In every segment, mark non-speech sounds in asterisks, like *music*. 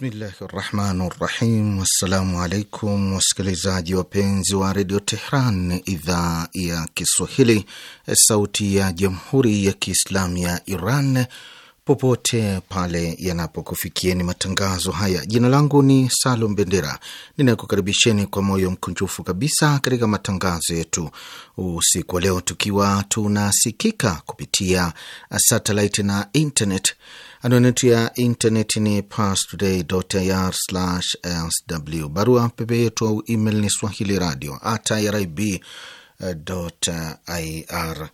Bismillahi rahmani rahim. Wassalamu alaikum wasikilizaji wapenzi wa redio Tehran, idhaa ya Kiswahili, sauti ya jamhuri ya Kiislamu ya Iran, popote pale yanapokufikieni matangazo haya. Jina langu ni Salum Bendera, ninakukaribisheni kwa moyo mkunjufu kabisa katika matangazo yetu usiku wa leo, tukiwa tunasikika kupitia satelit na internet. Anwani yetu ya intaneti ni parstoday.ir/sw. Barua pepe yetu au email ni swahili radio at irib.ir.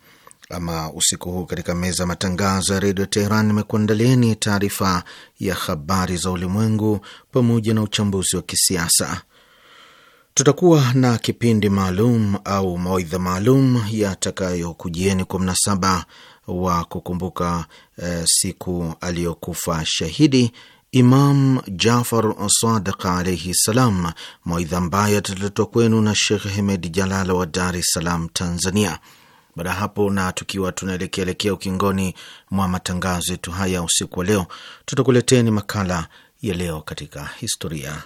Ama usiku huu katika meza ya matangazo ya redio Teheran imekuandalieni taarifa ya habari za ulimwengu pamoja na uchambuzi wa kisiasa. Tutakuwa na kipindi maalum au mawaidha maalum yatakayokujieni kwa mnasaba wa kukumbuka Eh, siku aliyokufa shahidi Imam Jafar Sadiq alaihi ssalam, mawaidha ambayo ataletwa kwenu na Shekh Hemed Jalala wa Dar es Salaam, Tanzania. Baada ya hapo na tukiwa tunaelekeaelekea ukingoni mwa matangazo yetu haya usiku wa leo, tutakuleteni makala ya leo katika historia.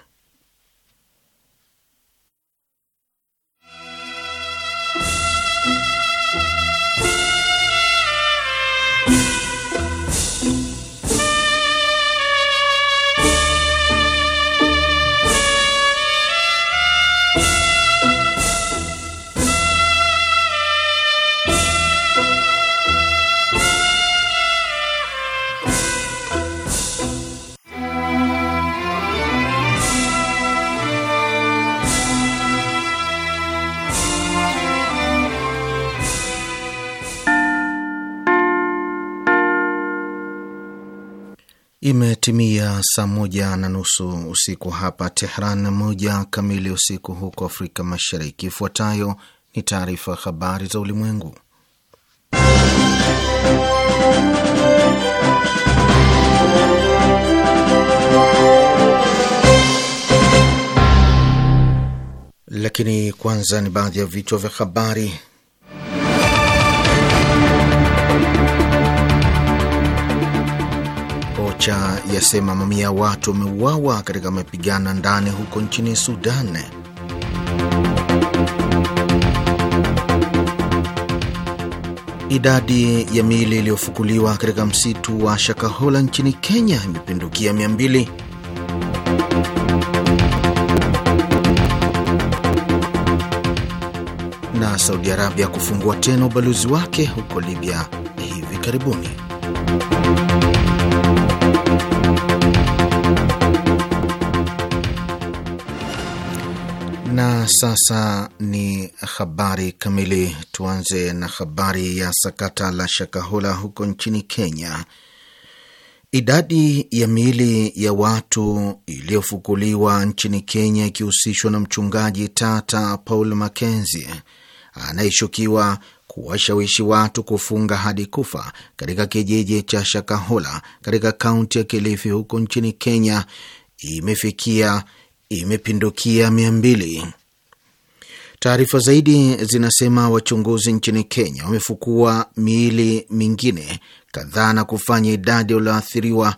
Imetimia saa moja na nusu usiku hapa Tehran na moja kamili usiku huko Afrika Mashariki. Ifuatayo ni taarifa habari za ulimwengu, lakini kwanza ni baadhi ya vichwa vya habari. Licha yasema mamia ya watu wameuawa katika mapigano ndani huko nchini Sudan. Idadi ya miili iliyofukuliwa katika msitu wa Shakahola nchini Kenya imepindukia mia mbili. Na Saudi Arabia kufungua tena ubalozi wake huko Libya hivi karibuni. Na sasa ni habari kamili. Tuanze na habari ya sakata la Shakahola huko nchini Kenya. Idadi ya miili ya watu iliyofukuliwa nchini Kenya ikihusishwa na mchungaji tata Paul Mackenzie anayeshukiwa kuwashawishi watu kufunga hadi kufa katika kijiji cha Shakahola katika kaunti ya Kilifi huko nchini Kenya imefikia imepindukia mia mbili. Taarifa zaidi zinasema wachunguzi nchini Kenya wamefukua miili mingine kadhaa na kufanya idadi walioathiriwa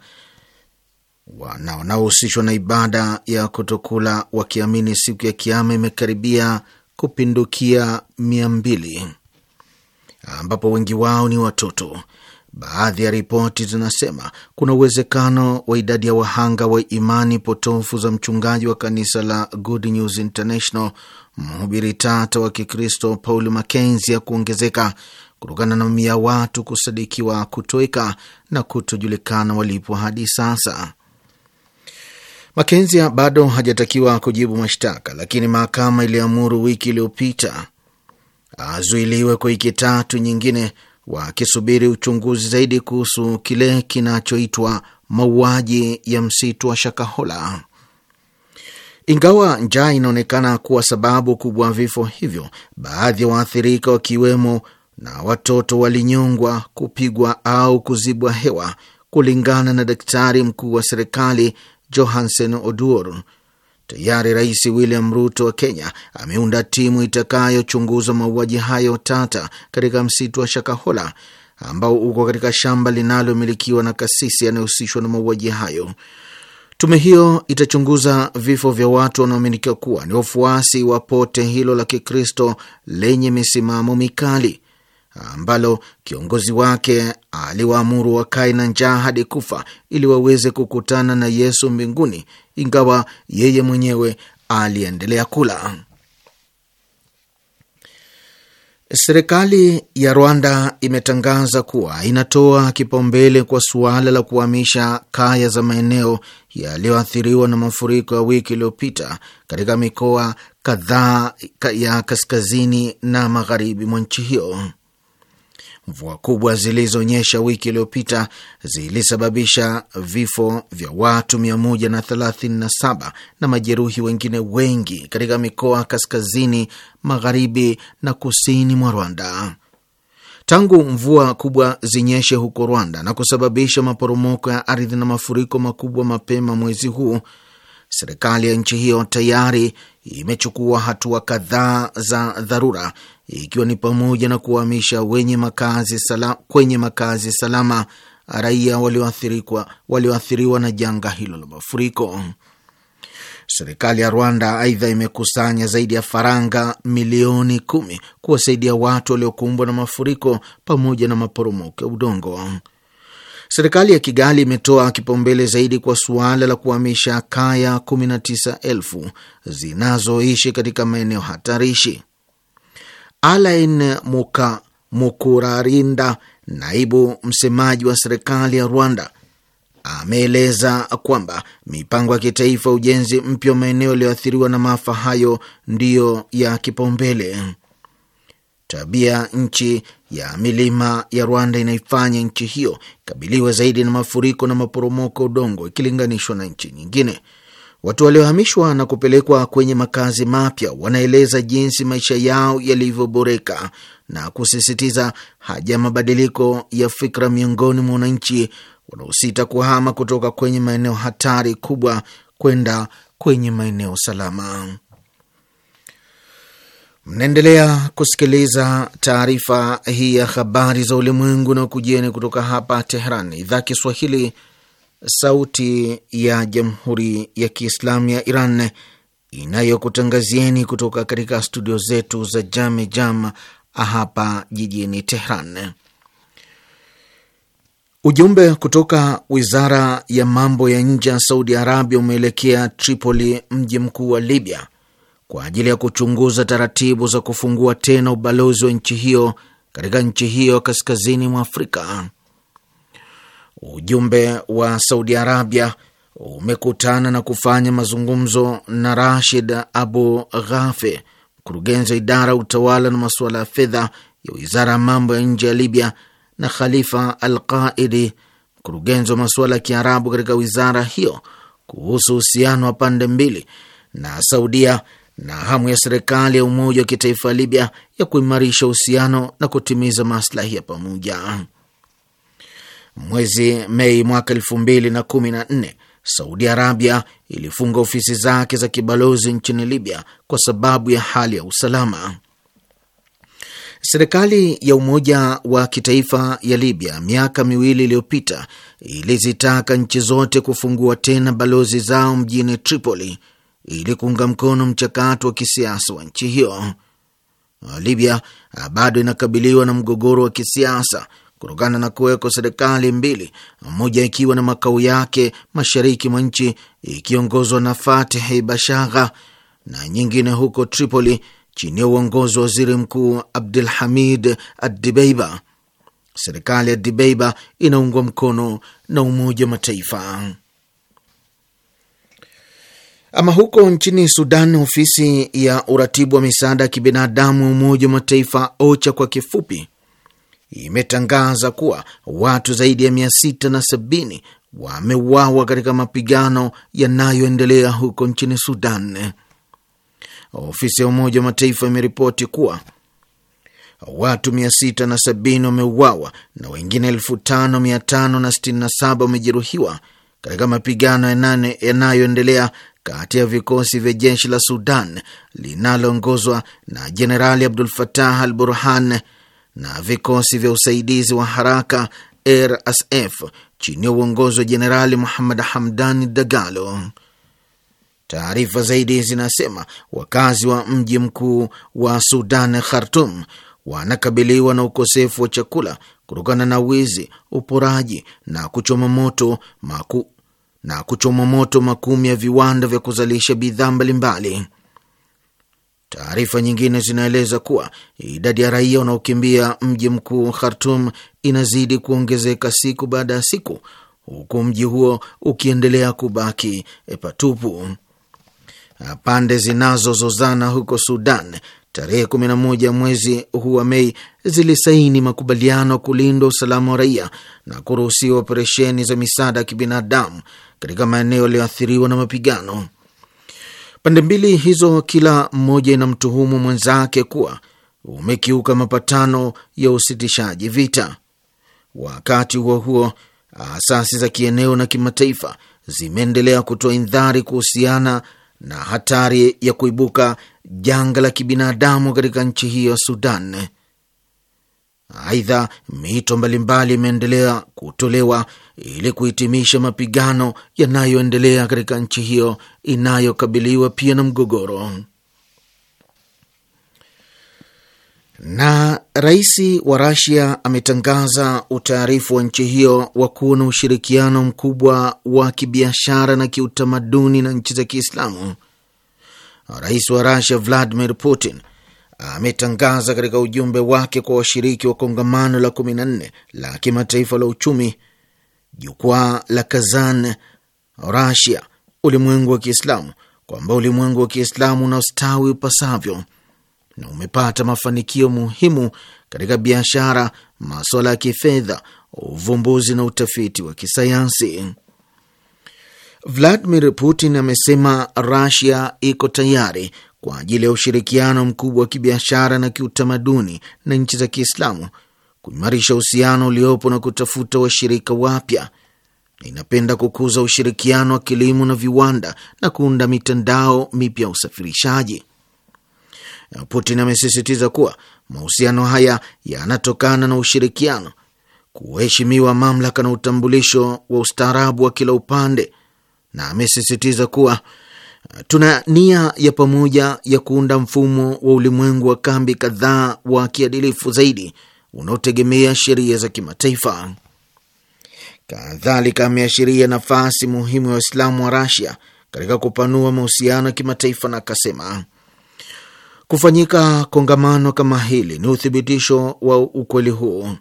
wanaohusishwa na ibada ya kutokula wakiamini siku ya kiama imekaribia kupindukia mia mbili ambapo wengi wao ni watoto. Baadhi ya ripoti zinasema kuna uwezekano wa idadi ya wahanga wa imani potofu za mchungaji wa kanisa la Good News International, mhubiri tata wa Kikristo Paul Mackenzie ya kuongezeka kutokana na mia watu kusadikiwa kutoweka na kutojulikana walipo hadi sasa. Mackenzie bado hajatakiwa kujibu mashtaka, lakini mahakama iliamuru wiki iliyopita azuiliwe kwa wiki tatu nyingine wakisubiri uchunguzi zaidi kuhusu kile kinachoitwa mauaji ya msitu wa Shakahola. Ingawa njaa inaonekana kuwa sababu kubwa vifo hivyo, baadhi ya waathirika wakiwemo na watoto walinyongwa, kupigwa au kuzibwa hewa, kulingana na daktari mkuu wa serikali Johansen Oduor Tayari Rais William Ruto wa Kenya ameunda timu itakayochunguza mauaji hayo tata katika msitu wa Shakahola ambao uko katika shamba linalomilikiwa na kasisi yanayohusishwa na mauaji hayo. Tume hiyo itachunguza vifo vya watu wanaoaminika kuwa ni wafuasi wa pote hilo la Kikristo lenye misimamo mikali ambalo kiongozi wake aliwaamuru wakae na njaa hadi kufa ili waweze kukutana na Yesu mbinguni, ingawa yeye mwenyewe aliendelea kula. Serikali ya Rwanda imetangaza kuwa inatoa kipaumbele kwa suala la kuhamisha kaya za maeneo yaliyoathiriwa na mafuriko ya wiki iliyopita katika mikoa kadhaa ya kaskazini na magharibi mwa nchi hiyo. Mvua kubwa zilizonyesha wiki iliyopita zilisababisha vifo vya watu 137 na, na majeruhi wengine wengi katika mikoa kaskazini, magharibi na kusini mwa Rwanda. Tangu mvua kubwa zinyeshe huko Rwanda na kusababisha maporomoko ya ardhi na mafuriko makubwa mapema mwezi huu, serikali ya nchi hiyo tayari imechukua hatua kadhaa za dharura, ikiwa ni pamoja na kuwahamisha wenye makazi salama, kwenye makazi salama raia walioathiriwa na janga hilo la mafuriko. Serikali ya Rwanda aidha imekusanya zaidi ya faranga milioni kumi kuwasaidia watu waliokumbwa na mafuriko pamoja na maporomoko ya udongo. Serikali ya Kigali imetoa kipaumbele zaidi kwa suala la kuhamisha kaya 19,000 zinazoishi katika maeneo hatarishi. Alain Muka Mukurarinda, naibu msemaji wa serikali ya Rwanda, ameeleza kwamba mipango ya kitaifa ujenzi mpya wa maeneo yaliyoathiriwa na maafa hayo ndiyo ya kipaumbele. Tabia nchi ya milima ya Rwanda inaifanya nchi hiyo ikabiliwe zaidi na mafuriko na maporomoko udongo ikilinganishwa na nchi nyingine. Watu waliohamishwa na kupelekwa kwenye makazi mapya wanaeleza jinsi maisha yao yalivyoboreka na kusisitiza haja ya mabadiliko ya fikra miongoni mwa wananchi wanaosita kuhama kutoka kwenye maeneo hatari kubwa kwenda kwenye maeneo salama. Mnaendelea kusikiliza taarifa hii ya habari za ulimwengu na ukujieni kutoka hapa Tehran, idhaa Kiswahili, sauti ya jamhuri ya kiislamu ya Iran inayokutangazieni kutoka katika studio zetu za Jame Jam hapa jijini Tehran. Ujumbe kutoka wizara ya mambo ya nje ya Saudi Arabia umeelekea Tripoli, mji mkuu wa Libya kwa ajili ya kuchunguza taratibu za kufungua tena ubalozi wa nchi hiyo katika nchi hiyo kaskazini mwa Afrika. Ujumbe wa Saudi Arabia umekutana na kufanya mazungumzo na Rashid Abu Ghafe, mkurugenzi wa idara ya utawala na masuala ya fedha ya wizara ya mambo ya nje ya Libya, na Khalifa Al Qaidi, mkurugenzi wa masuala ya Kiarabu katika wizara hiyo, kuhusu uhusiano wa pande mbili, na Saudia na hamu ya serikali ya umoja wa kitaifa ya Libya ya kuimarisha uhusiano na kutimiza maslahi ya pamoja. Mwezi Mei mwaka elfu mbili na kumi na nne Saudi Arabia ilifunga ofisi zake za kibalozi nchini Libya kwa sababu ya hali ya usalama. Serikali ya umoja wa kitaifa ya Libya miaka miwili iliyopita ilizitaka nchi zote kufungua tena balozi zao mjini Tripoli ili kuunga mkono mchakato wa kisiasa wa nchi hiyo. Libya ah, bado inakabiliwa na mgogoro wa kisiasa kutokana na kuwekwa serikali mbili, moja ikiwa na makao yake mashariki mwa nchi ikiongozwa na Fatihi Bashagha na nyingine huko Tripoli chini ya uongozi wa waziri mkuu Abdul Hamid adibeiba Serikali ya Dibeiba inaungwa mkono na Umoja wa Mataifa. Ama huko nchini Sudan, ofisi ya uratibu wa misaada ya kibinadamu ya Umoja wa Mataifa, OCHA kwa kifupi, imetangaza kuwa watu zaidi ya 670 wameuawa katika mapigano yanayoendelea huko nchini Sudan. Ofisi ya Umoja wa Mataifa imeripoti kuwa watu 670 wameuawa na wengine 5567 wamejeruhiwa katika mapigano yanayoendelea kati ya vikosi vya jeshi la Sudan linaloongozwa na Jenerali Abdul Fatah al Burhan na vikosi vya usaidizi wa haraka RSF chini ya uongozi wa Jenerali Muhammad Hamdan Dagalo. Taarifa zaidi zinasema wakazi wa mji mkuu wa Sudan, Khartum, wanakabiliwa na ukosefu wa chakula kutokana na wizi, uporaji na kuchoma moto maku na kuchoma moto makumi ya viwanda vya kuzalisha bidhaa mbalimbali. Taarifa nyingine zinaeleza kuwa idadi ya raia wanaokimbia mji mkuu Khartum inazidi kuongezeka siku baada ya siku, huku mji huo ukiendelea kubaki e, patupu. Pande zinazozozana huko Sudan tarehe 11 mwezi huu wa Mei zilisaini makubaliano ya kulindwa usalama wa raia na kuruhusiwa operesheni za misaada ya kibinadamu katika maeneo yaliyoathiriwa na mapigano. Pande mbili hizo kila mmoja inamtuhumu mwenzake kuwa umekiuka mapatano ya usitishaji vita. Wakati huo huo, asasi za kieneo na kimataifa zimeendelea kutoa indhari kuhusiana na hatari ya kuibuka janga la kibinadamu katika nchi hiyo Sudan. Aidha, mito mbalimbali imeendelea kutolewa ili kuhitimisha mapigano yanayoendelea katika nchi hiyo inayokabiliwa pia na mgogoro. Na rais wa Rasia ametangaza utaarifu wa nchi hiyo wa kuwa na ushirikiano mkubwa wa kibiashara na kiutamaduni na nchi za Kiislamu. Rais wa Rasia Vladimir Putin ametangaza katika ujumbe wake kwa washiriki wa kongamano la 14 la kimataifa la uchumi, jukwaa la Kazan, Rasia, ulimwengu wa Kiislamu kwamba ulimwengu wa Kiislamu unastawi upasavyo na umepata mafanikio muhimu katika biashara, masuala ya kifedha, uvumbuzi na utafiti wa kisayansi. Vladimir Putin amesema Rasia iko tayari kwa ajili ya ushirikiano mkubwa wa kibiashara na kiutamaduni na nchi za Kiislamu, kuimarisha uhusiano uliopo na kutafuta washirika wapya. Inapenda kukuza ushirikiano wa kilimo na viwanda na kuunda mitandao mipya ya usafirishaji. Putin amesisitiza kuwa mahusiano haya yanatokana na ushirikiano, kuheshimiwa mamlaka na utambulisho wa ustaarabu wa kila upande na amesisitiza kuwa uh, tuna nia ya pamoja ya kuunda mfumo wa ulimwengu wa kambi kadhaa wa kiadilifu zaidi unaotegemea sheria za kimataifa. Kadhalika ameashiria nafasi muhimu ya Waislamu wa Rasia katika kupanua mahusiano ya kimataifa na akasema kufanyika kongamano kama hili ni uthibitisho wa ukweli huo.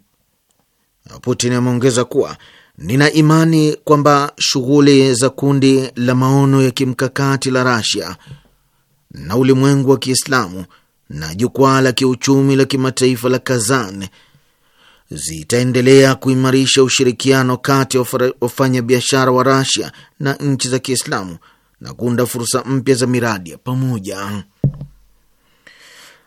Putin ameongeza kuwa Nina imani kwamba shughuli za kundi la maono ya kimkakati la Rasia na ulimwengu wa Kiislamu na jukwaa la kiuchumi la kimataifa la Kazan zitaendelea kuimarisha ushirikiano kati ya wafanyabiashara wa Rasia na nchi za Kiislamu na kuunda fursa mpya za miradi ya pamoja.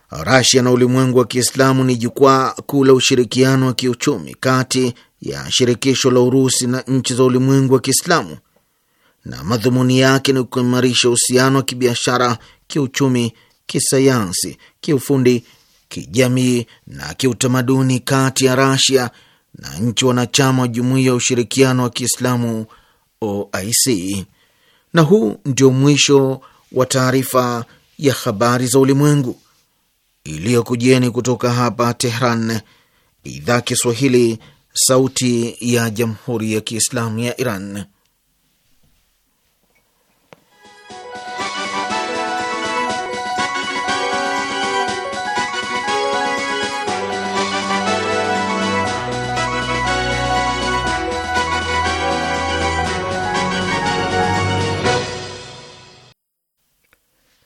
Rasia na ulimwengu wa Kiislamu ni jukwaa kuu la ushirikiano wa kiuchumi kati ya shirikisho la Urusi na nchi za ulimwengu wa Kiislamu, na madhumuni yake ni kuimarisha uhusiano wa kibiashara, kiuchumi, kisayansi, kiufundi, kijamii na kiutamaduni kati ya Rasia na nchi wanachama wa Jumuiya ya Ushirikiano wa Kiislamu OIC. Na huu ndio mwisho wa taarifa ya habari za ulimwengu iliyokujieni kutoka hapa Tehran, idhaa Kiswahili, Sauti ya Jamhuri ya Kiislamu ya Iran.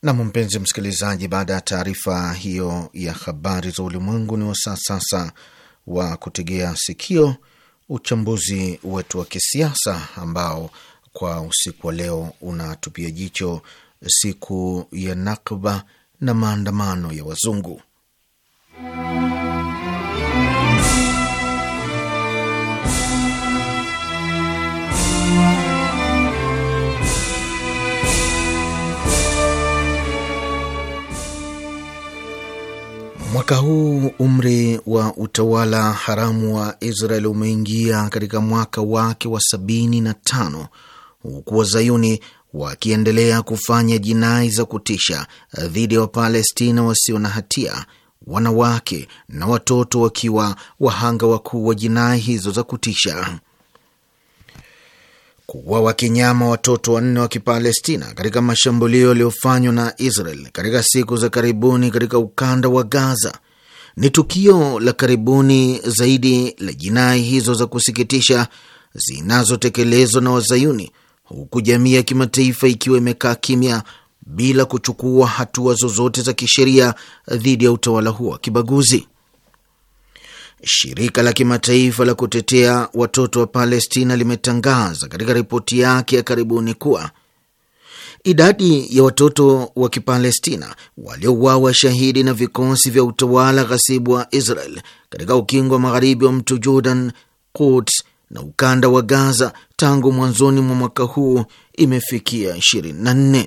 Nam, mpenzi msikilizaji, baada ya taarifa hiyo ya habari za ulimwengu, ni wasaa sasa wa kutegea sikio uchambuzi wetu wa kisiasa ambao kwa usiku wa leo unatupia jicho siku ya Nakba na maandamano ya wazungu. Mwaka huu umri wa utawala haramu wa Israel umeingia katika mwaka wake wa sabini na tano huku wazayuni wakiendelea kufanya jinai za kutisha dhidi ya Wapalestina wasio na hatia, wanawake na watoto wakiwa wahanga wakuu wa jinai hizo za kutisha kuuawa kinyama watoto wanne wa Kipalestina katika mashambulio yaliyofanywa na Israel katika siku za karibuni katika ukanda wa Gaza ni tukio la karibuni zaidi la jinai hizo za kusikitisha zinazotekelezwa na Wazayuni, huku jamii ya kimataifa ikiwa imekaa kimya bila kuchukua hatua zozote za kisheria dhidi ya utawala huo wa kibaguzi. Shirika la kimataifa la kutetea watoto wa Palestina limetangaza katika ripoti yake ya karibuni kuwa idadi ya watoto wa Kipalestina waliouawa shahidi na vikosi vya utawala ghasibu wa Israel katika ukingo wa magharibi wa mto Jordan, Quds na ukanda wa Gaza tangu mwanzoni mwa mwaka huu imefikia 24.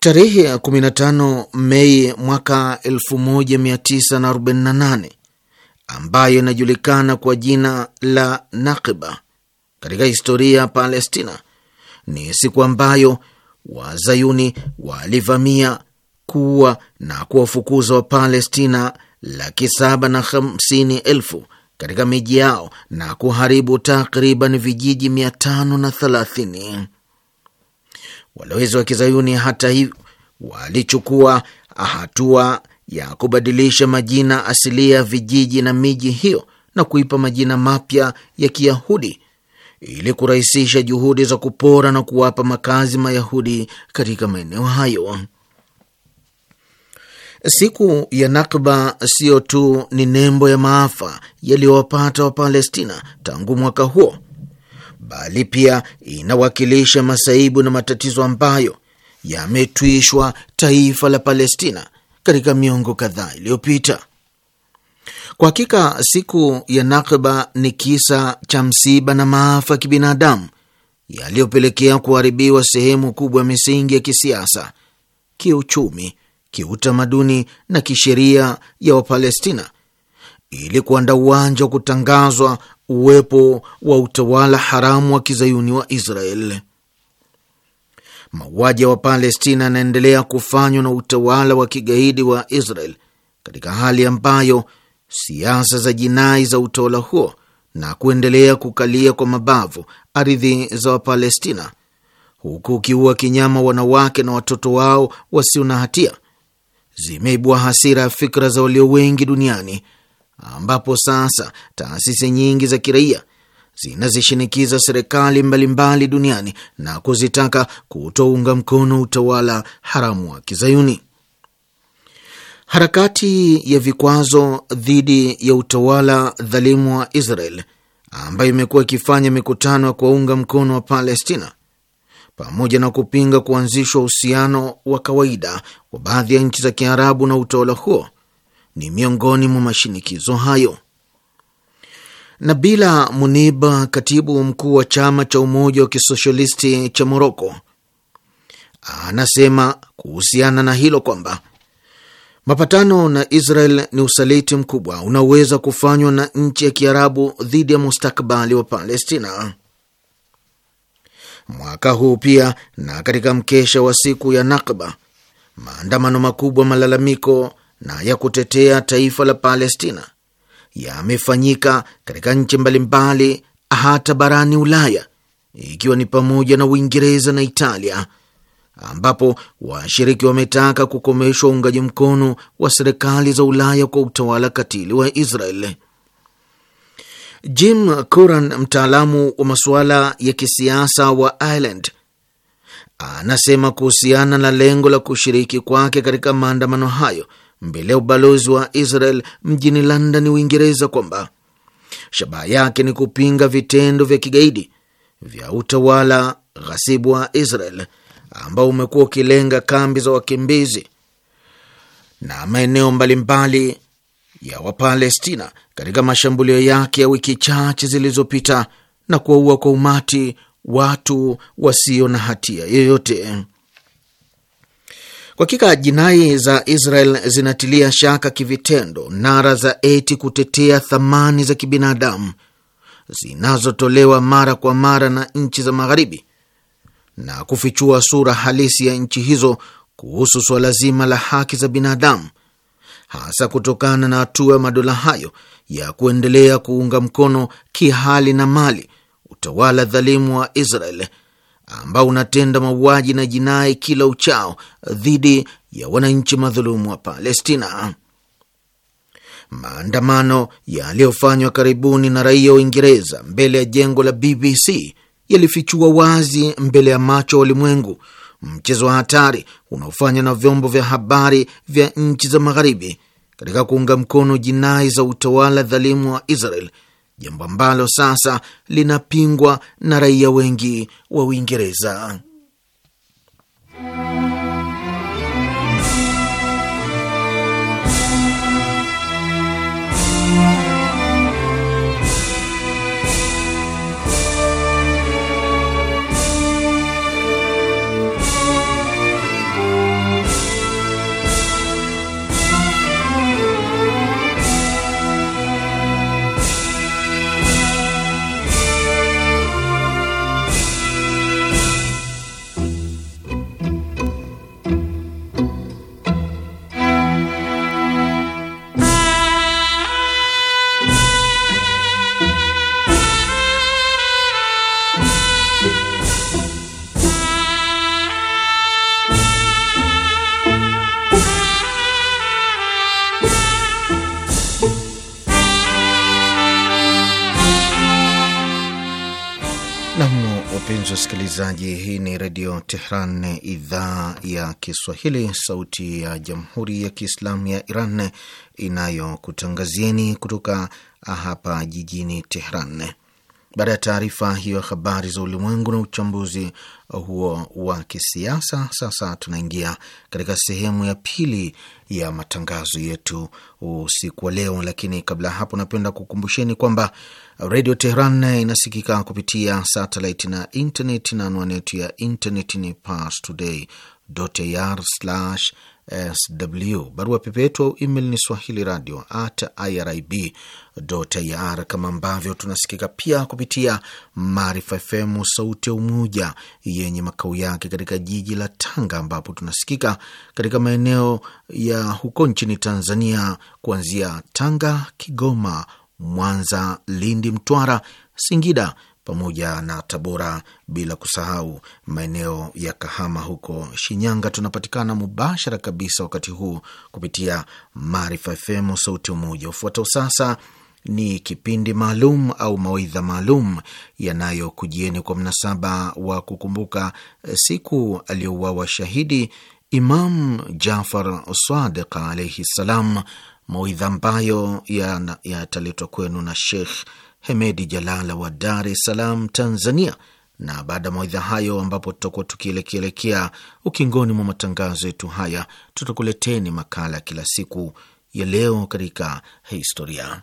Tarehe ya 15 Mei mwaka 1948 ambayo inajulikana kwa jina la Nakiba katika historia ya Palestina ni siku ambayo Wazayuni walivamia kuwa na kuwafukuza Wapalestina laki saba na hamsini elfu katika miji yao na kuharibu takriban vijiji mia tano na thelathini. Walowezi wa kizayuni hata hivyo walichukua hatua ya kubadilisha majina asilia ya vijiji na miji hiyo na kuipa majina mapya ya Kiyahudi ili kurahisisha juhudi za kupora na kuwapa makazi Mayahudi katika maeneo hayo. Siku ya Nakba siyo tu ni nembo ya maafa yaliyowapata Wapalestina tangu mwaka huo bali pia inawakilisha masaibu na matatizo ambayo yametwishwa taifa la Palestina katika miongo kadhaa iliyopita. Kwa hakika siku ya Nakba ni kisa cha msiba na maafa ya kibinadamu yaliyopelekea kuharibiwa sehemu kubwa ya misingi ya kisiasa, kiuchumi, kiutamaduni na kisheria ya Wapalestina ili kuandaa uwanja wa kutangazwa uwepo wa utawala haramu wa kizayuni wa Israel. Mauaji ya Wapalestina yanaendelea kufanywa na utawala wa kigaidi wa Israel katika hali ambayo siasa za jinai za utawala huo na kuendelea kukalia kwa mabavu ardhi za Wapalestina, huku ukiua kinyama wanawake na watoto wao wasio na hatia, zimeibua hasira ya fikra za walio wengi duniani ambapo sasa taasisi nyingi za kiraia zinazishinikiza serikali mbalimbali duniani na kuzitaka kutounga mkono utawala haramu wa Kizayuni. Harakati ya vikwazo dhidi ya utawala dhalimu wa Israel ambayo imekuwa ikifanya mikutano ya kuwaunga mkono wa Palestina pamoja na kupinga kuanzishwa uhusiano wa kawaida wa baadhi ya nchi za Kiarabu na utawala huo ni miongoni mwa mashinikizo hayo. Nabila Munib, katibu mkuu wa chama cha umoja wa kisoshalisti cha Moroko, anasema kuhusiana na hilo kwamba mapatano na Israel ni usaliti mkubwa unaoweza kufanywa na nchi ya kiarabu dhidi ya mustakabali wa Palestina. Mwaka huu pia, na katika mkesha wa siku ya Nakba, maandamano makubwa malalamiko na ya kutetea taifa la Palestina yamefanyika katika nchi mbalimbali hata barani Ulaya, ikiwa ni pamoja na Uingereza na Italia, ambapo washiriki wametaka kukomeshwa uungaji mkono wa serikali za Ulaya kwa utawala katili wa Israel. Jim Curran, mtaalamu wa masuala ya kisiasa wa Ireland, anasema kuhusiana na lengo la kushiriki kwake katika maandamano hayo mbele ya ubalozi wa Israel mjini London, Uingereza, kwamba shabaha yake ni kupinga vitendo vya kigaidi vya utawala ghasibu wa Israel ambao umekuwa ukilenga kambi za wakimbizi na maeneo mbalimbali ya Wapalestina katika mashambulio yake ya wiki chache zilizopita na kuwaua kwa umati watu wasio na hatia yoyote. Kwa hakika jinai za Israel zinatilia shaka kivitendo nara za eti kutetea thamani za kibinadamu zinazotolewa mara kwa mara na nchi za Magharibi na kufichua sura halisi ya nchi hizo kuhusu suala zima la haki za binadamu, hasa kutokana na hatua ya madola hayo ya kuendelea kuunga mkono kihali na mali utawala dhalimu wa Israel ambao unatenda mauaji na jinai kila uchao dhidi ya wananchi madhulumu wa Palestina. Maandamano yaliyofanywa karibuni na raia wa Uingereza mbele ya jengo la BBC yalifichua wazi mbele ya macho ya ulimwengu mchezo wa hatari unaofanywa na vyombo vya habari vya nchi za Magharibi katika kuunga mkono jinai za utawala dhalimu wa Israel jambo ambalo sasa linapingwa na raia wengi wa Uingereza. Tehran, idhaa ya Kiswahili, sauti ya jamhuri ya kiislamu ya Iran inayokutangazieni kutoka hapa jijini Tehran. Baada ya taarifa hiyo ya habari za ulimwengu na uchambuzi huo wa kisiasa, sasa tunaingia katika sehemu ya pili ya matangazo yetu usiku wa leo, lakini kabla ya hapo, napenda kukumbusheni kwamba Redio Tehran inasikika kupitia satelit na internet, na anwani yetu ya internet ni parstoday.ir/sw. Barua pepe yetu au email ni swahili radio at irib.ir, kama ambavyo tunasikika pia kupitia Maarifa FM sauti ya Umoja yenye makao yake katika jiji la Tanga, ambapo tunasikika katika maeneo ya huko nchini Tanzania kuanzia Tanga, Kigoma, Mwanza, Lindi, Mtwara, Singida pamoja na Tabora, bila kusahau maeneo ya Kahama huko Shinyanga. Tunapatikana mubashara kabisa wakati huu kupitia Maarifa FM, sauti Umoja. Ufuatao sasa ni kipindi maalum au mawaidha maalum yanayokujieni kwa mnasaba wa kukumbuka siku aliyouawa shahidi Imam Jafar Sadiq alaihi ssalam mawaidha ambayo yataletwa ya kwenu na Shekh Hemedi Jalala wa Dar es Salaam, Tanzania. Na baada ya mawaidha hayo, ambapo tutakuwa tukielekeelekea ukingoni mwa matangazo yetu haya, tutakuleteni makala ya kila siku ya leo katika historia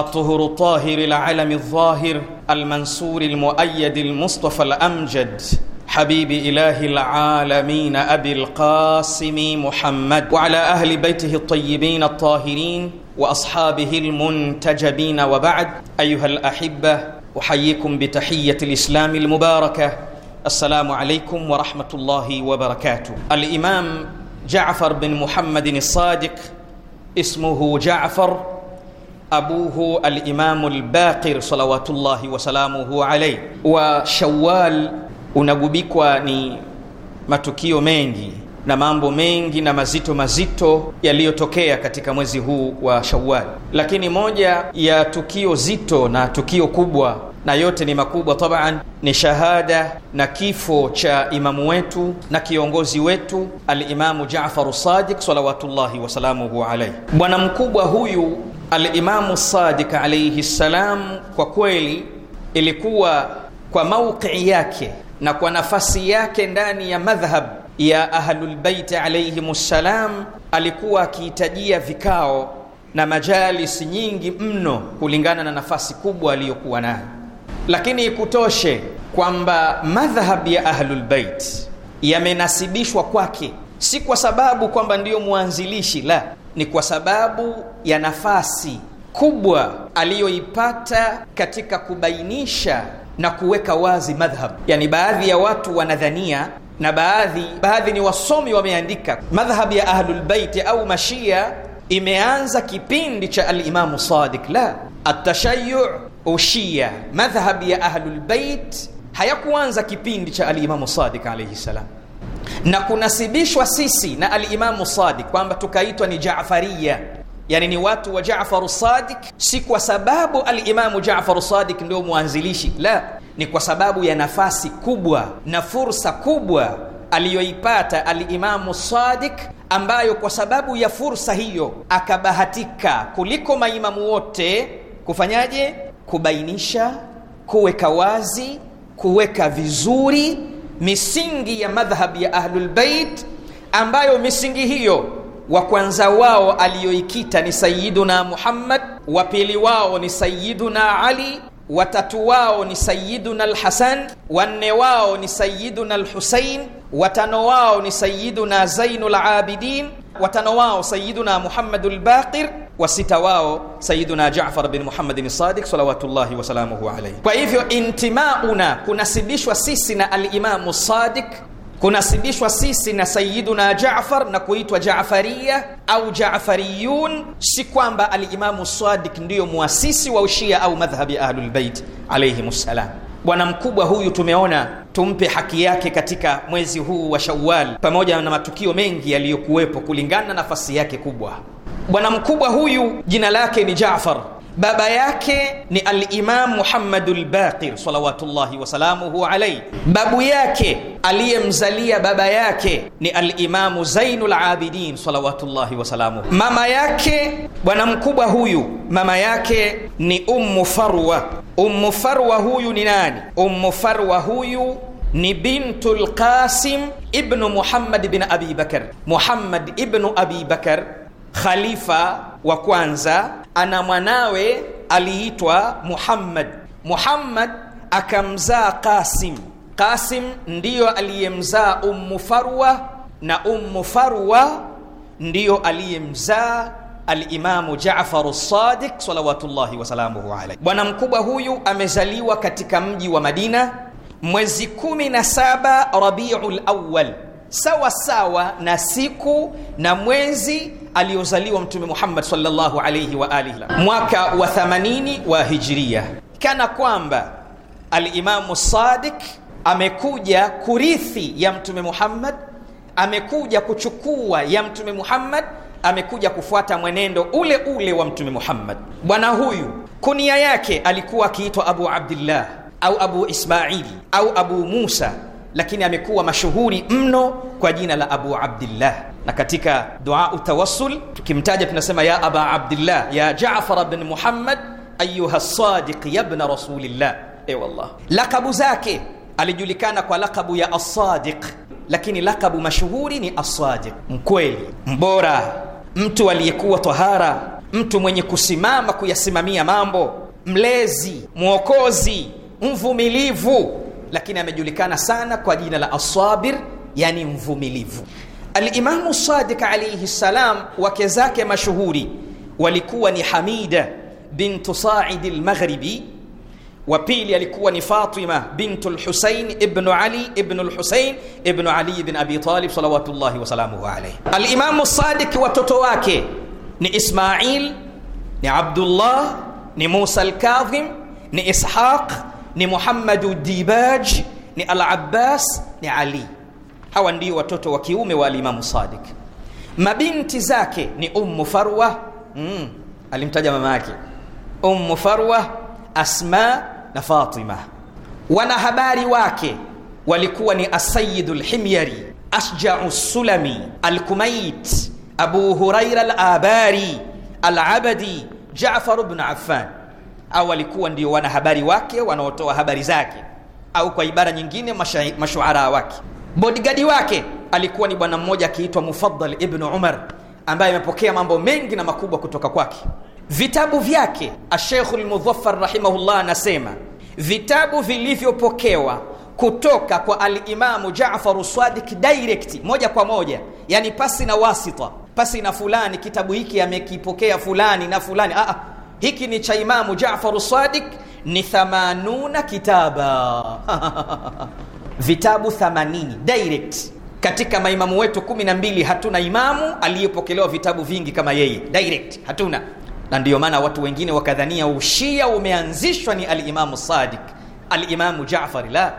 الطهر الطاهر العلم الظاهر المنصور المؤيد المصطفى الأمجد حبيب إله العالمين أبي القاسم محمد وعلى أهل بيته الطيبين الطاهرين وأصحابه المنتجبين وبعد أيها الأحبة أحييكم بتحية الإسلام المباركة السلام عليكم ورحمة الله وبركاته الإمام جعفر بن محمد الصادق اسمه جعفر abuhu alimamu lbaqir salawatullahi wasalamuhu alaihi. Wa Shawal unagubikwa ni matukio mengi na mambo mengi na mazito mazito yaliyotokea katika mwezi huu wa Shawwal, lakini moja ya tukio zito na tukio kubwa, na yote ni makubwa taban, ni shahada na kifo cha imamu wetu na kiongozi wetu Alimamu Jafaru Sadiq salawatullahi wasalamuhu alaihi. Bwana mkubwa huyu Alimamu Sadiq alayhi salam, kwa kweli ilikuwa kwa mauqii yake na kwa nafasi yake ndani ya madhhab ya Ahlulbeiti alayhim ssalam, alikuwa akihitajia vikao na majalisi nyingi mno kulingana na nafasi kubwa aliyokuwa nayo, lakini ikutoshe kwamba madhhab ya Ahlulbeiti yamenasibishwa kwake, si kwa sababu kwamba ndiyo mwanzilishi la ni kwa sababu ya nafasi kubwa aliyoipata katika kubainisha na kuweka wazi madhhab. Yani, baadhi ya watu wanadhania na baadhi baadhi ni wasomi wameandika, madhhab ya Ahlulbeiti au Mashia imeanza kipindi cha Alimamu Sadiq. La, atashayu ushia madhhab ya Ahlulbeit hayakuanza kipindi cha Alimamu Sadiq alaihi salam na kunasibishwa sisi na alimamu Sadiq kwamba tukaitwa ni jafaria yani ni watu wa Jaafaru Sadiq, si kwa sababu alimamu Jaafaru Sadiq ndio mwanzilishi, la, ni kwa sababu ya nafasi kubwa na fursa kubwa aliyoipata alimamu Sadiq, ambayo kwa sababu ya fursa hiyo akabahatika kuliko maimamu wote kufanyaje, kubainisha, kuweka wazi, kuweka vizuri misingi ya madhhabi ya ahlulbeit ambayo misingi hiyo wa kwanza wao aliyoikita ni sayiduna muhammad wa pili wao ni sayiduna ali watatu wao ni sayiduna lhasan wanne wao ni sayiduna lhusain watano wao ni sayiduna zainu labidin watano wao sayiduna muhammadu lbaqir wa sita wao Sayyiduna Jaafar bin bin Sadiq salawatullahi wa salamuhu alayhi. Kwa hivyo intimauna, kunasibishwa sisi na al-Imamu Sadiq, kunasibishwa sisi na Sayyiduna Jaafar na kuitwa Jaafaria au Jaafariyun, si kwamba al-Imamu Sadiq ndiyo muasisi wa ushia au madhhabi Ahlul Bait alayhimus salam. Bwana mkubwa huyu tumeona tumpe haki yake katika mwezi huu wa Shawwal, pamoja na matukio mengi yaliyokuwepo kulingana na nafasi yake kubwa bwana mkubwa huyu jina lake ni Jaafar baba yake ni al-Imam Muhammadul Baqir salawatullahi wasalamuhu alayhi. Babu yake aliyemzalia baba yake ni al-Imam Zainul Abidin salawatullahi wasalamuhu. Mama yake bwana mkubwa huyu, mama yake ni Ummu Farwa. Ummu Farwa huyu ni nani? Ummu Farwa huyu ni bintu al ibnu Muhammad bin Abi Bakar, Muhammad ibnu Abi Bakar khalifa wa kwanza ana mwanawe aliitwa Muhammad. Muhammad akamzaa Qasim. Qasim ndiyo aliyemzaa Ummu Farwa na Ummu Farwa ndiyo aliyemzaa Alimamu jafar Sadiq salawatullahi wasalamuhu alaihi. Bwana mkubwa huyu amezaliwa katika mji wa Madina mwezi 17 Rabiul Awwal, sawa sawa na siku na mwezi aliyozaliwa Mtume Muhammad sallallahu alayhi wa alihi mwaka wa 80 wa Hijria, kana kwamba Alimamu Sadiq amekuja kurithi ya Mtume Muhammad, amekuja kuchukua ya Mtume Muhammad, amekuja kufuata mwenendo ule ule wa Mtume Muhammad. Bwana huyu kunia yake alikuwa akiitwa Abu Abdillah au Abu Ismaili au Abu Musa, lakini amekuwa mashuhuri mno kwa jina la Abu Abdillah na katika dua utawassul tukimtaja tunasema ya aba abdillah ya jafar bin muhammad ayuha sadiq yabna rasulillah e wallah lakabu zake alijulikana kwa lakabu ya assadiq lakini lakabu mashuhuri ni assadiq mkweli mbora mtu aliyekuwa tahara mtu mwenye kusimama kuyasimamia mambo mlezi mwokozi mvumilivu lakini amejulikana sana kwa jina la asabir yani mvumilivu Alimamu Sadiq alayhi salam, wake zake mashuhuri walikuwa ni Hamida bintu Said al-Maghribi, wa pili alikuwa ni Fatima bintu al-Husayn ibn Ali ibn al-Husayn ibn Ali ibn Abi Talib salawatullahi wa salamuhu alayhi. Alimamu Sadiq, watoto wake ni Ismail, ni Abdullah, ni Musa al-Kadhim, ni Ishaq, ni Muhammadu Dibaj, ni Al-Abbas, ni Ali. hawa ndio watoto wa kiume wa alimamu Sadiq. Mabinti zake ni Ummu Farwa mm, alimtaja mama yake Ummu Farwa, Asma na Fatima. Wanahabari wake walikuwa ni Asayidu Lhimyari, Asjau Sulami, Alkumait, Abu Huraira Alabari, Alabadi, Jafar bnu Affan. Au walikuwa ndio wanahabari wake wanaotoa habari zake, au kwa ibara nyingine mashuara wake bodigadi wake alikuwa ni bwana mmoja akiitwa Mufaddal ibn Umar ambaye amepokea mambo mengi na makubwa kutoka kwake. Vitabu vyake Sheikh al rahimahullah anasema vitabu vilivyopokewa kutoka kwa al-Imamu Jaafar Sadiq direct moja kwa moja, yani pasi na wasita, pasi na fulani, kitabu hiki amekipokea fulani na fulani. Aa, ah, ah, hiki ni cha Imamu Jaafar Sadiq ni 80 kitaba *laughs* vitabu 80 direct katika maimamu wetu 12 hatuna imamu aliyepokelewa vitabu vingi kama yeye direct hatuna na ndiyo maana watu wengine wakadhania ushia umeanzishwa ni alimamu sadik alimamu jafari la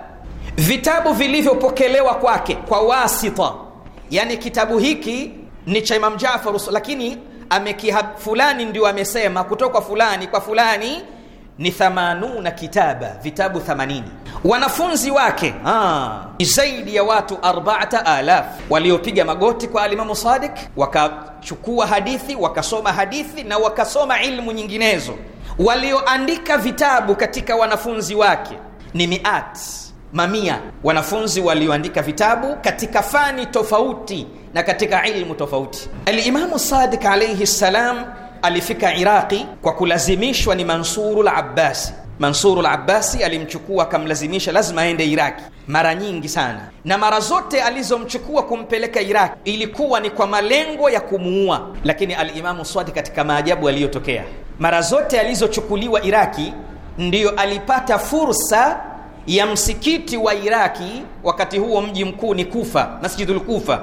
vitabu vilivyopokelewa kwake kwa wasita yani kitabu hiki ni cha imam jafar lakini amekiha fulani ndio amesema kutoka fulani kwa fulani ni 80 kitaba vitabu wanafunzi wake ah, ni zaidi ya watu 4000 alaf waliopiga magoti kwa alimamu Sadiq, wakachukua hadithi, wakasoma hadithi na wakasoma ilmu nyinginezo. Walioandika vitabu katika wanafunzi wake ni miat, mamia wanafunzi walioandika vitabu katika fani tofauti na katika ilmu tofauti. Alimamu Sadiq alaihi ssalam alifika Iraqi kwa kulazimishwa ni Mansurul abbasi Mansur al-Abbasi alimchukua akamlazimisha lazima aende Iraki mara nyingi sana, na mara zote alizomchukua kumpeleka Iraki ilikuwa ni kwa malengo ya kumuua. Lakini al Swadi, katika maajabu aliyotokea, mara zote alizochukuliwa Iraki ndiyo alipata fursa ya msikiti wa Iraki, wakati huo mji mkuu ni Kufa, Masjidul Kufa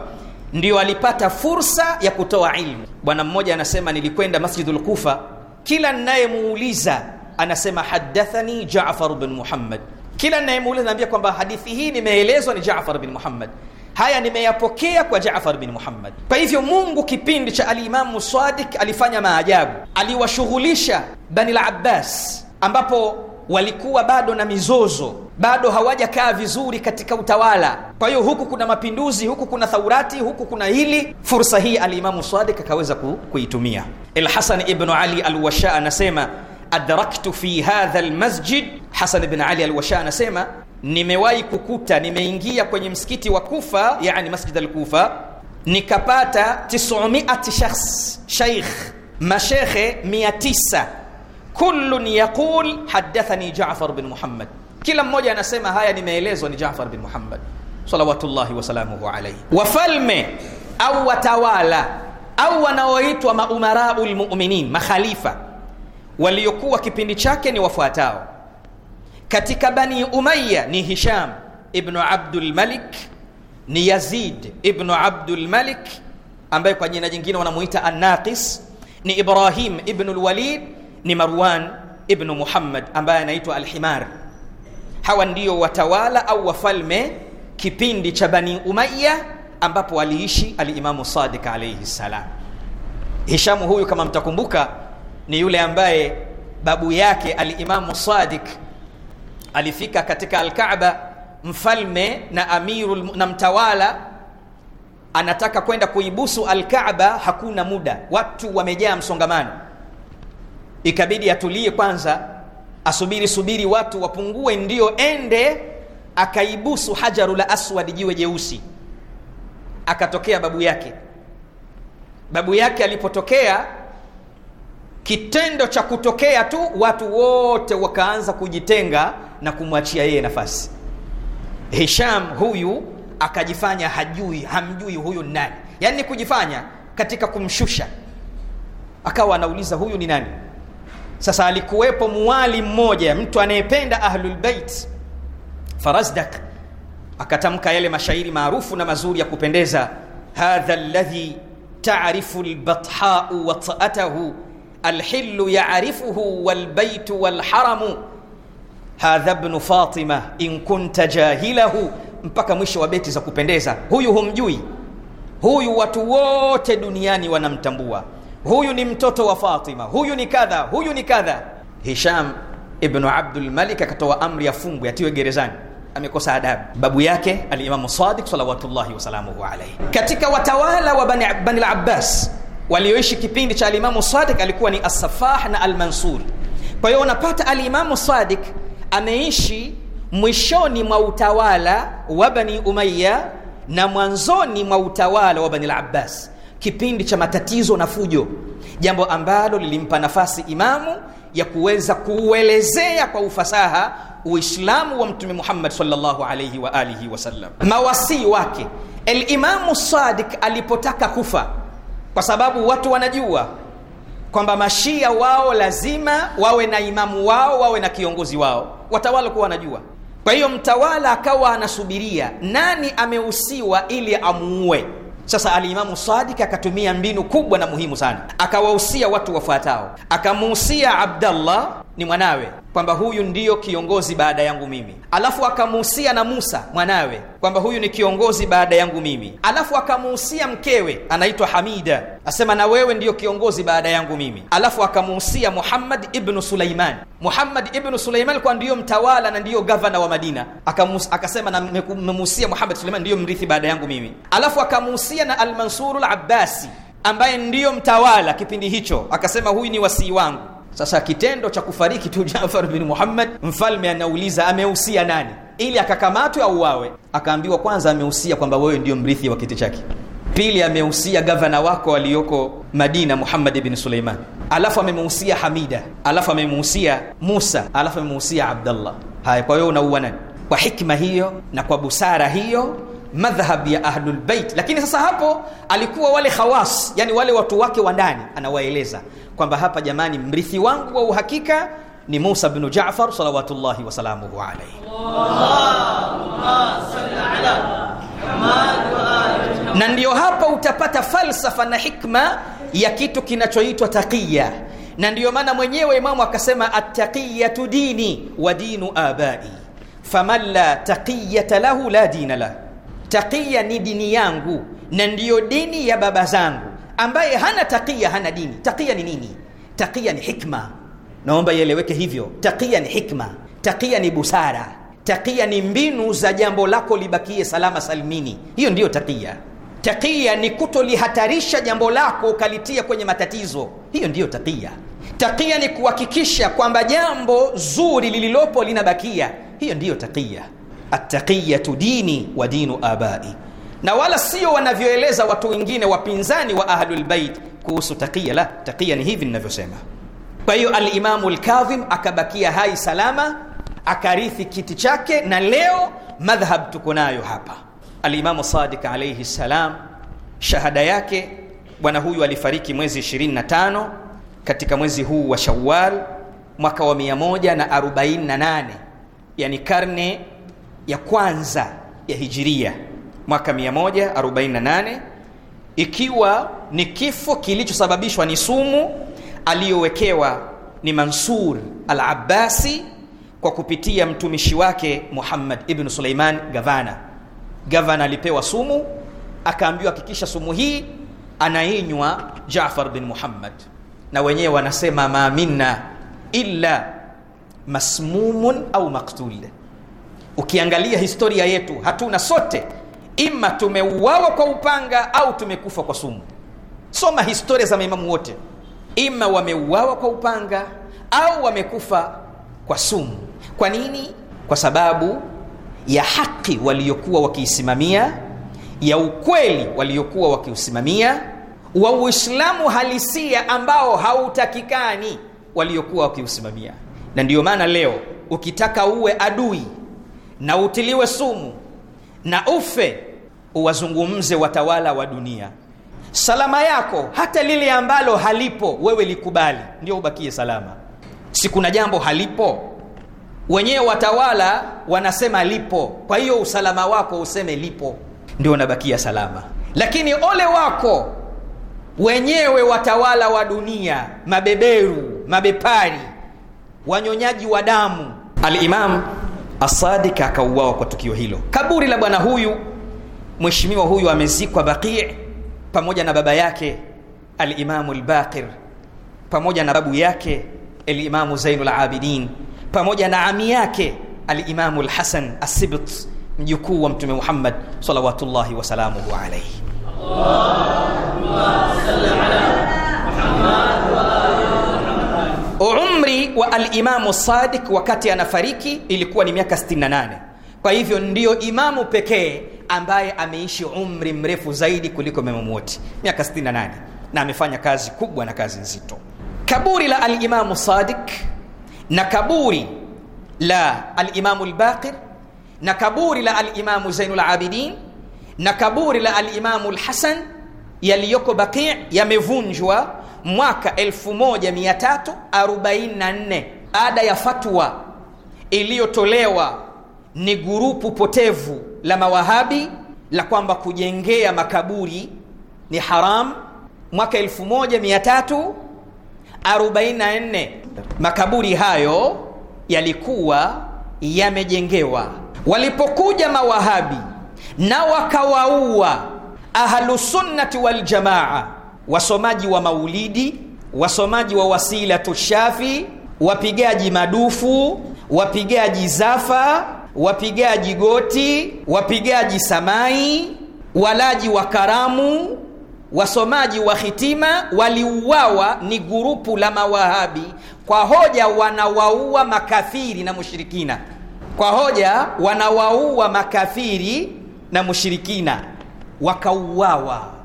ndiyo alipata fursa ya kutoa ilmu. Bwana mmoja anasema, nilikwenda Masjidul Kufa, kila ninayemuuliza anasema hadathani Jaafar bin Muhammad. Kila ninayemuuliza naambia kwamba hadithi hii nimeelezwa ni Jaafar bin Muhammad, haya nimeyapokea kwa Jaafar bin Muhammad. Kwa hivyo Mungu kipindi cha alimamu Sadiq alifanya maajabu, aliwashughulisha Bani al-Abbas ambapo walikuwa bado na mizozo, bado hawajakaa vizuri katika utawala. Kwa hiyo huku kuna mapinduzi, huku kuna thaurati, huku kuna hili. Fursa hii alimamu Sadiq akaweza kuitumia. El ibnu ibn Ali Alwasha anasema adraktu fi hadha almasjid. Hasan bin Ali Alwasha anasema nimewahi kukuta, nimeingia kwenye msikiti wa Kufa, yani masjid alkufa, nikapata 900 shakhs, shaykh, mashekhe 900 kullun yaqul hadathani Jaafar bin Muhammad, kila mmoja anasema haya nimeelezwa ni Jaafar bin Muhammad salawatullahi wasalamuhu alaihi. Wafalme au watawala au wanaoitwa maumarau lmuminin, makhalifa waliokuwa kipindi chake ni wafuatao katika bani umaya ni hisham ibnu abdulmalik ni yazid ibnu abdulmalik ambaye kwa jina jingine wanamuita annaqis ni ibrahim ibnu lwalid ni marwan ibnu muhammad ambaye anaitwa alhimar hawa ndio watawala au wafalme kipindi cha bani umaya ambapo aliishi alimamu sadiq alaihi ssalam hishamu huyu kama mtakumbuka ni yule ambaye babu yake alimamu sadik alifika katika Alkaaba, mfalme na amiru na mtawala anataka kwenda kuibusu Alkaaba, hakuna muda, watu wamejaa msongamano, ikabidi atulie kwanza, asubiri subiri watu wapungue, ndiyo ende akaibusu hajaru la aswad, jiwe jeusi. Akatokea babu yake. Babu yake alipotokea kitendo cha kutokea tu watu wote wakaanza kujitenga na kumwachia yeye nafasi hisham huyu akajifanya hajui hamjui huyu ni nani yaani kujifanya katika kumshusha akawa anauliza huyu ni nani sasa alikuwepo muwali mmoja mtu anayependa ahlulbeit farazdak akatamka yale mashairi maarufu na mazuri ya kupendeza hadha ladhi tarifu lbathau wataatahu alhillu yaarifuhu walbaitu walharamu hadha bnu fatima in kunta jahilahu, mpaka mwisho wa beti za kupendeza. Huyu humjui huyu, watu wote duniani wanamtambua huyu, ni mtoto wa Fatima, huyu ni kadha, huyu ni kadha. Hisham ibnu abdulmalik akatoa amri ya afungwe, atiwe gerezani, amekosa adabu. Babu yake Alimamu Sadiq salawatullahi wasalamuhu alaihi, katika watawala wa Bani Abbas walioishi kipindi cha alimamu Sadiq alikuwa ni as na Al-Mansur. Kwa hiyo unapata alimamu Sadiq ameishi mwishoni mwa utawala wa Bani Umayya na mwanzoni mwa utawala wa Bani al-Abbas, kipindi cha matatizo na fujo, jambo ambalo lilimpa nafasi imamu ya kuweza kuuelezea kwa ufasaha Uislamu wa Mtume Muhammad sallallahu alayhi wa alihi wasallam. Mawasii wake, al-Imamu Sadiq alipotaka kufa kwa sababu watu wanajua kwamba mashia wao lazima wawe na imamu wao, wawe na kiongozi wao, watawala kuwa wanajua. Kwa hiyo mtawala akawa anasubiria nani ameusiwa ili amuue. Sasa Alimamu Sadik akatumia mbinu kubwa na muhimu sana, akawahusia watu wafuatao. Akamuhusia Abdallah ni mwanawe kwamba huyu ndiyo kiongozi baada yangu mimi, alafu akamuhusia na Musa mwanawe kwamba huyu ni kiongozi baada yangu mimi, alafu akamuhusia mkewe anaitwa Hamida asema na wewe ndiyo kiongozi baada yangu mimi, alafu akamuhusia Muhammad ibnu Sulaiman, Muhammad ibnu Sulaiman kwa ndiyo mtawala na ndiyo gavana wa Madina, akasema na memuhusia Muhammad Sulaiman ndiyo mrithi baada yangu mimi, alafu akamuhusia na Almansuru Alabbasi ambaye ndiyo mtawala kipindi hicho, akasema huyu ni wasii wangu sasa kitendo cha kufariki tu *laughs* Jaafar bin Muhammad, mfalme anauliza amehusia nani ili akakamatwe au wawe? Akaambiwa kwanza, amehusia kwamba wewe ndio mrithi wa kiti chake. Pili, amehusia gavana wako aliyoko Madina, Muhammad bin Suleiman. Alafu amemhusia Hamida, alafu amemhusia Musa, alafu amemhusia Abdullah. Haya, kwa hiyo unaua nani? Kwa hikma hiyo na kwa busara hiyo madhhab ya ahlul bait. Lakini sasa hapo alikuwa wale khawas, yani wale watu wake wa ndani, anawaeleza kwamba hapa, jamani, mrithi wangu wa uhakika ni Musa bin Jaafar salawatullahi wa salamuhu alayhi. wa alihi. Na ndio hapa utapata falsafa na hikma ya kitu kinachoitwa taqiya, na ndiyo maana mwenyewe Imamu akasema attaqiyatu dini wa dinu abai faman la taqiyata lahu la dina taqiya ni dini yangu na ndiyo dini ya baba zangu ambaye hana taqiya hana dini taqiya ni nini taqiya ni hikma naomba ieleweke hivyo taqiya ni hikma taqiya ni busara taqiya ni mbinu za jambo lako libakie salama salimini hiyo ndiyo taqiya taqiya ni kutolihatarisha jambo lako ukalitia kwenye matatizo hiyo ndiyo taqiya taqiya ni kuhakikisha kwamba jambo zuri lililopo linabakia hiyo ndiyo taqiya attaqiyatu dini wa dinu abai na wala sio wanavyoeleza watu wengine wapinzani wa ahlul bait kuhusu taqiya la taqiya ni hivi ninavyosema kwa hiyo alimamu lkadhim akabakia hai salama akarithi kiti chake na leo madhhab tuko nayo hapa alimamu Sadiq alaihi salam shahada yake bwana huyu alifariki mwezi 25 katika mwezi huu wa shawal mwaka wa 148 yani karne ya kwanza ya hijiria mwaka 148 ikiwa ni kifo kilichosababishwa ni sumu aliyowekewa ni Mansur al-Abbasi kwa kupitia mtumishi wake Muhammad ibn Suleiman gavana. Gavana alipewa sumu, akaambiwa hakikisha sumu hii anainywa Jaafar bin Muhammad, na wenyewe wanasema ma minna illa masmumun au maktul ukiangalia historia yetu hatuna sote ima tumeuawa kwa upanga au tumekufa kwa sumu soma historia za maimamu wote ima wameuawa kwa upanga au wamekufa kwa sumu kwa nini kwa sababu ya haki waliokuwa wakiisimamia ya ukweli waliokuwa wakiusimamia wa uislamu halisia ambao hautakikani waliokuwa wakiusimamia na ndiyo maana leo ukitaka uwe adui na utiliwe sumu na ufe, uwazungumze watawala wa dunia. Salama yako hata lile ambalo halipo, wewe likubali, ndio ubakie salama. Si kuna jambo halipo, wenyewe watawala wanasema lipo, kwa hiyo usalama wako useme lipo, ndio unabakia salama. Lakini ole wako wenyewe watawala wa dunia, mabeberu, mabepari, wanyonyaji wa damu. Alimamu Asadika akauawa kwa tukio hilo. Kaburi la bwana huyu mheshimiwa huyu amezikwa Baqi pamoja na baba yake Al-Imamu pamoja na babu yake Al-Imamu Zainul Abidin pamoja na ami yake Al-Imamu Al-Hasan as mjukuu wa Mtume Muhammad salawatullahi wasalamuhu alayhi. Allahumma salli ala Muhammad wa alimamu Sadiq wakati anafariki ilikuwa ni miaka 68. Kwa hivyo ndiyo imamu pekee ambaye ameishi umri mrefu zaidi kuliko maimamu wote, miaka 68, na amefanya kazi kubwa na kazi nzito. Kaburi la alimamu Sadiq na kaburi la alimamu Albaqir na kaburi la alimamu Zainul Abidin na kaburi la alimamu Alhasan yaliyoko Baqi yamevunjwa mwaka 1344 baada ya fatwa iliyotolewa ni gurupu potevu la mawahabi la kwamba kujengea makaburi ni haram mwaka 1344 makaburi hayo yalikuwa yamejengewa walipokuja mawahabi na wakawaua ahlusunnati waljamaa wasomaji wa maulidi, wasomaji wa wasilatu shafi, wapigaji madufu, wapigaji zafa, wapigaji goti, wapigaji samai, walaji wa karamu, wasomaji wa hitima waliuawa ni gurupu la mawahabi kwa hoja wanawaua makafiri na mushirikina, kwa hoja wanawaua makafiri na mushirikina, wakauawa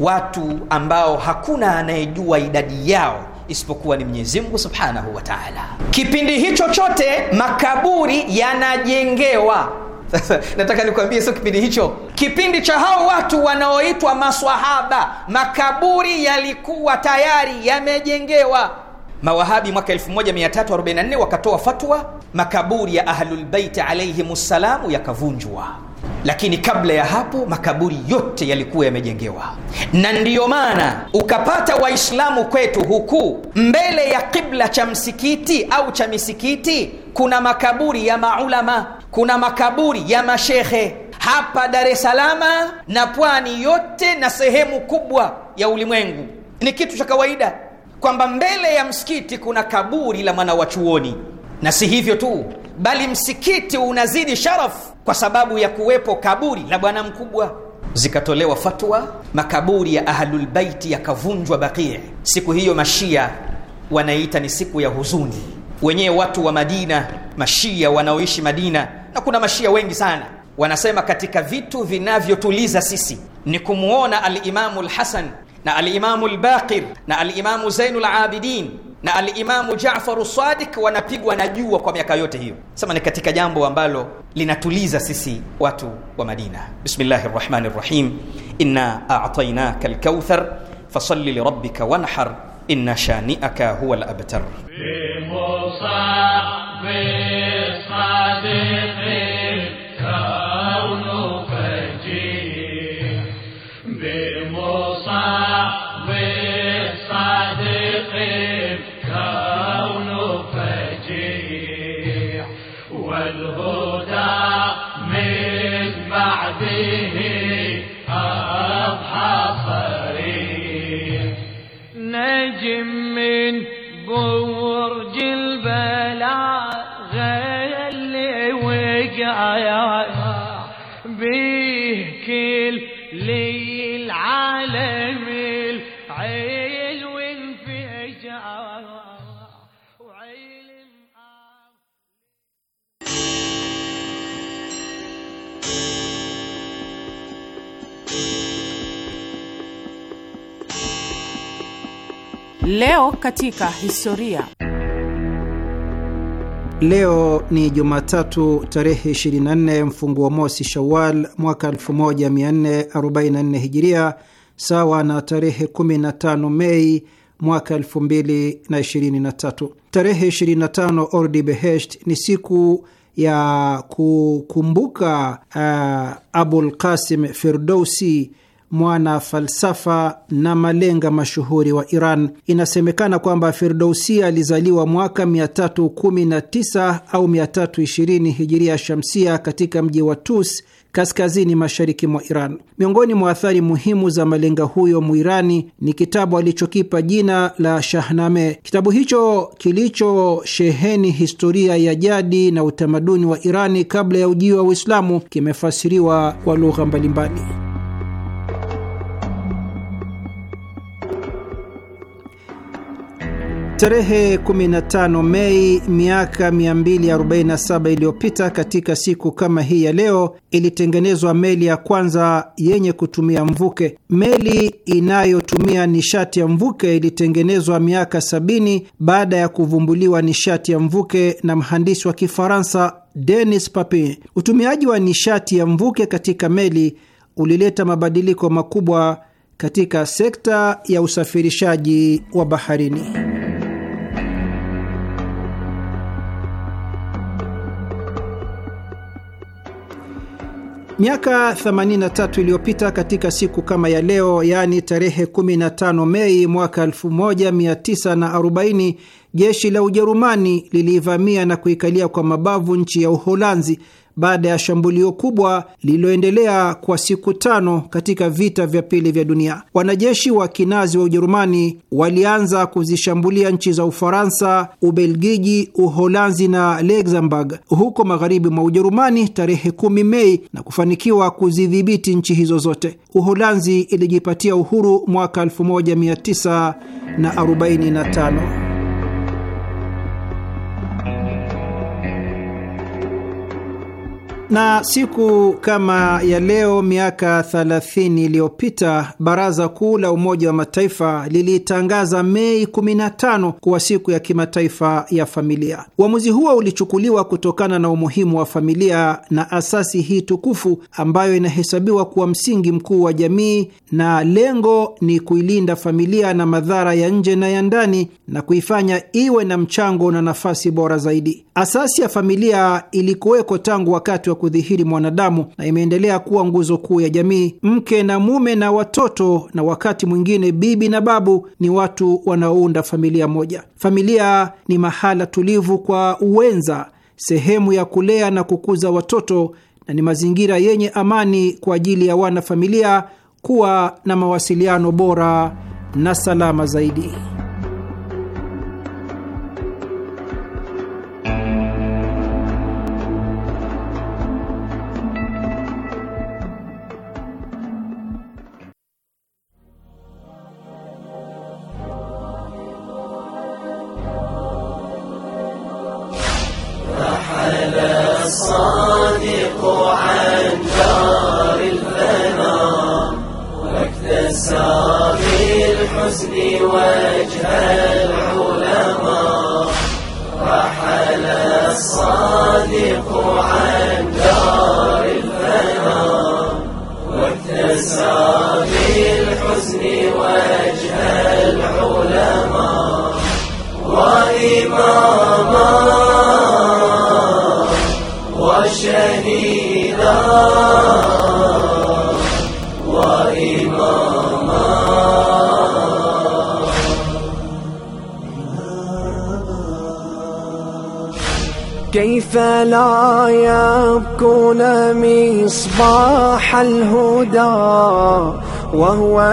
watu ambao hakuna anayejua idadi yao isipokuwa ni Mwenyezi Mungu Subhanahu wa Ta'ala. Kipindi hicho chote makaburi yanajengewa. *laughs* Sasa nataka nikwambie, sio kipindi hicho, kipindi cha hao watu wanaoitwa maswahaba, makaburi yalikuwa tayari yamejengewa. Mawahabi mwaka 1344 wakatoa fatwa, makaburi ya Ahlulbeiti alaihim ssalamu yakavunjwa lakini kabla ya hapo makaburi yote yalikuwa yamejengewa, na ndiyo maana ukapata Waislamu kwetu huku mbele ya kibla cha msikiti au cha misikiti kuna makaburi ya maulama, kuna makaburi ya mashehe hapa Dar es Salaam na pwani yote na sehemu kubwa ya ulimwengu. Ni kitu cha kawaida kwamba mbele ya msikiti kuna kaburi la mwanawachuoni, na si hivyo tu bali msikiti unazidi sharafu kwa sababu ya kuwepo kaburi la bwana mkubwa. Zikatolewa fatwa, makaburi ya ahlulbaiti yakavunjwa Baqii. Siku hiyo mashia wanaita ni siku ya huzuni, wenyewe watu wa Madina, mashia wanaoishi Madina, na kuna mashia wengi sana, wanasema katika vitu vinavyotuliza sisi ni kumwona alimamu lhasan na alimamu Albaqir na alimamu Zainul Abidin na alimamu Jafaru Sadiq wanapigwa na jua kwa miaka yote hiyo. Sema ni katika jambo ambalo linatuliza sisi watu wa Madina. Bismillahir Rahmanir Rahim, inna a'tainaka al fasalli li wanhar inna shani'aka huwa al نجم من برج Leo katika historia. Leo ni Jumatatu tarehe 24 mfunguo mosi Shawal mwaka 1444 Hijiria, sawa na tarehe 15 Mei mwaka 2023. Tarehe 25 Ordi Behesht ni siku ya kukumbuka uh, Abul Qasim Firdausi mwana falsafa na malenga mashuhuri wa Iran. Inasemekana kwamba firdousia alizaliwa mwaka 319 au 320 hijiria shamsia katika mji wa Tus kaskazini mashariki mwa Iran. Miongoni mwa athari muhimu za malenga huyo muirani ni kitabu alichokipa jina la Shahname. Kitabu hicho kilichosheheni historia ya jadi na utamaduni wa Irani kabla ya ujio wa Uislamu kimefasiriwa kwa lugha mbalimbali. Tarehe 15 Mei miaka 247 iliyopita, katika siku kama hii ya leo, ilitengenezwa meli ya kwanza yenye kutumia mvuke. Meli inayotumia nishati ya mvuke ilitengenezwa miaka sabini baada ya kuvumbuliwa nishati ya mvuke na mhandisi wa Kifaransa Denis Papin. Utumiaji wa nishati ya mvuke katika meli ulileta mabadiliko makubwa katika sekta ya usafirishaji wa baharini. Miaka 83 iliyopita katika siku kama ya leo, yaani tarehe 15 Mei mwaka 1940, jeshi la Ujerumani liliivamia na kuikalia kwa mabavu nchi ya Uholanzi baada ya shambulio kubwa lililoendelea kwa siku tano katika vita vya pili vya dunia. Wanajeshi wa kinazi wa Ujerumani walianza kuzishambulia nchi za Ufaransa, Ubelgiji, Uholanzi na Luxembourg huko magharibi mwa Ujerumani tarehe kumi Mei na kufanikiwa kuzidhibiti nchi hizo zote. Uholanzi ilijipatia uhuru mwaka 1945. Na siku kama ya leo miaka 30 iliyopita Baraza Kuu la Umoja wa Mataifa lilitangaza Mei 15 kuwa siku ya kimataifa ya familia. Uamuzi huo ulichukuliwa kutokana na umuhimu wa familia na asasi hii tukufu ambayo inahesabiwa kuwa msingi mkuu wa jamii, na lengo ni kuilinda familia na madhara ya nje na ya ndani na kuifanya iwe na mchango na nafasi bora zaidi. Asasi ya familia ilikuweko tangu wakati wa kudhihiri mwanadamu na imeendelea kuwa nguzo kuu ya jamii. Mke na mume na watoto, na wakati mwingine bibi na babu, ni watu wanaounda familia moja. Familia ni mahala tulivu kwa uwenza, sehemu ya kulea na kukuza watoto, na ni mazingira yenye amani kwa ajili ya wanafamilia kuwa na mawasiliano bora na salama zaidi.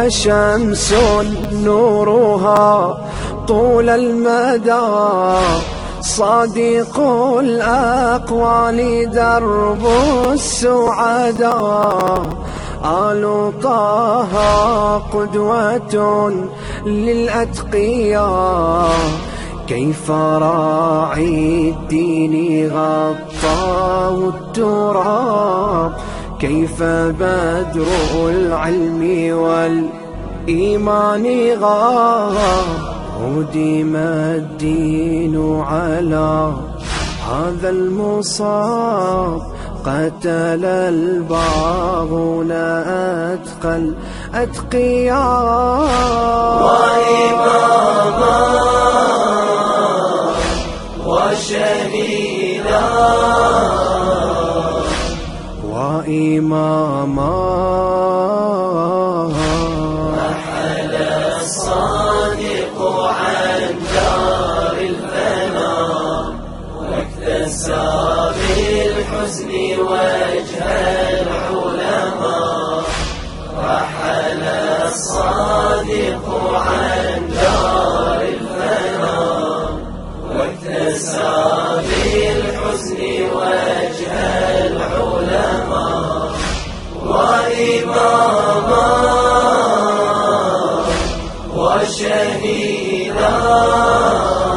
شمس نورها طول المدى صادق الأقوال درب السعداء آل طه قدوة للأتقياء كيف راعي الدين غطاه التراب كيف بدر العلم والعلم إيماني غار وديم الدين على هذا المصاب قتل الباغون أتقل أتقيا وإماما وشهيدا وإماما العلماء رحل الصادق عن دار الفناء واكتسى بالحزن وجه العلماء وإماما وشهيدا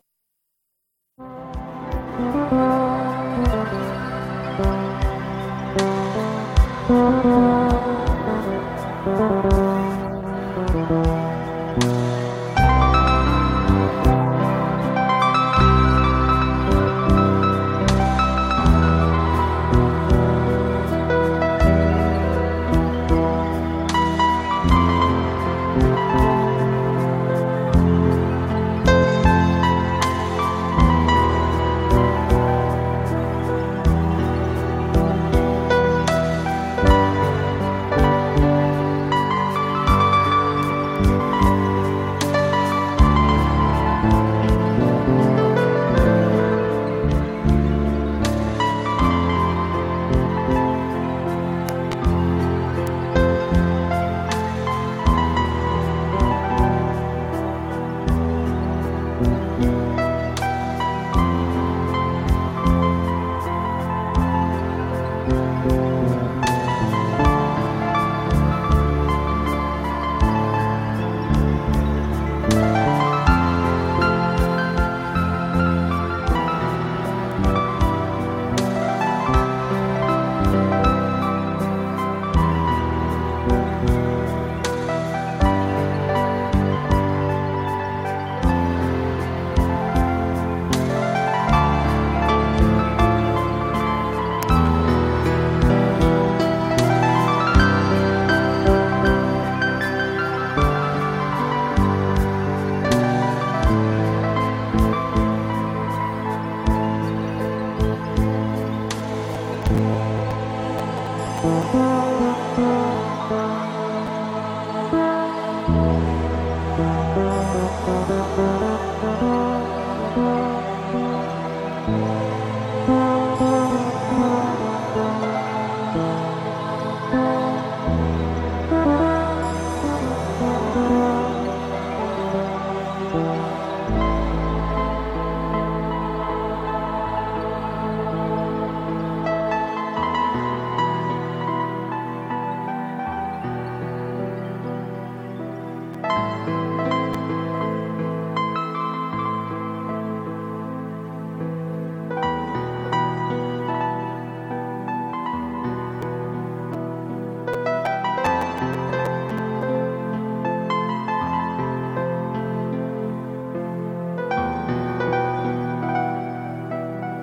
Thank you.